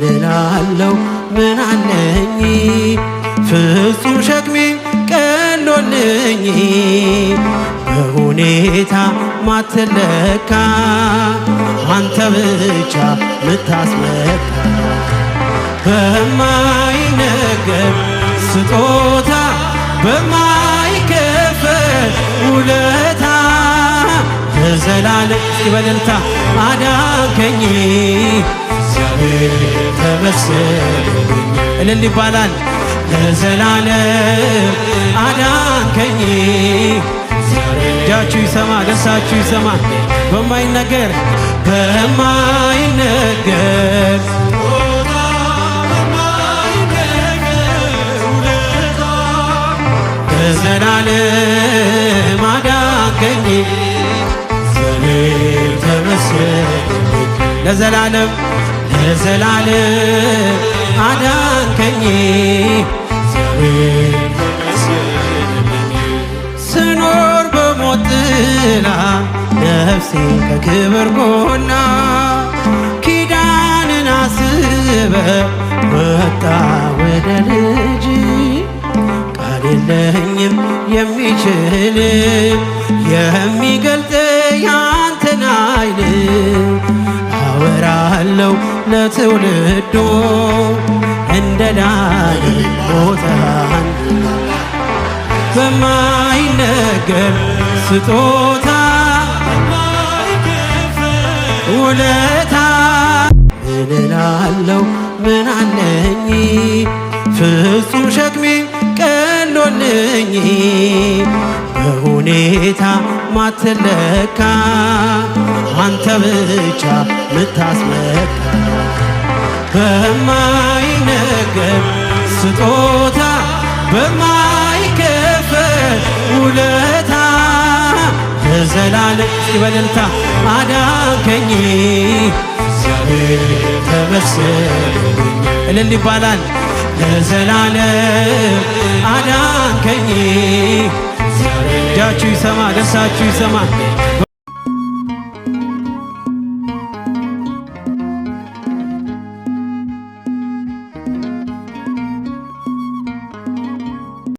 ምን እላለው ምን አለኝ ፍጹም ሸክሜ ቀሎልኝ በሁኔታ ማትለካ አንተ ብቻ ምታስመካ በማይነገር ስጦታ በማይከፈል ውለታ በዘላለም በደልታ አዳንከኝ እግዚአብሔር ተመስገን እልል ይባላል። ለዘላለም አዳንከኝ። እጃችሁ ይሰማ፣ ደርሳችሁ ይሰማ። በማይነገር በማይነገር ለዘላለም አዳንከኝ። ለዘላለም ለዘላለም አዳንከኝ ስኖር በሞት ጥላ ነፍሴ ከክብር ጎና ኪዳንን አስበ ወጣ ወደ ልጅ ቃል የለኝም የሚችል የሚገልጥ ያንተን አይል አወራለው ለትውልዱ እንደ ዳግም ሞታን በማይነገር ስጦታ ውለታ ምን እላለሁ ምን አለኝ ፍጹም ሸክሜ ቀሎልኝ በሁኔታ ማትለካ አንተ ብቻ ምታስመካ በማይነገር ስጦታ በማይከፈል ውለታ ለዘላለም በለልታ አዳንከኝ ተመስል እልል ይባላል ለዘላለም አዳንከኝ እጃችሁ ይሰማ ደስታችሁ ይሰማ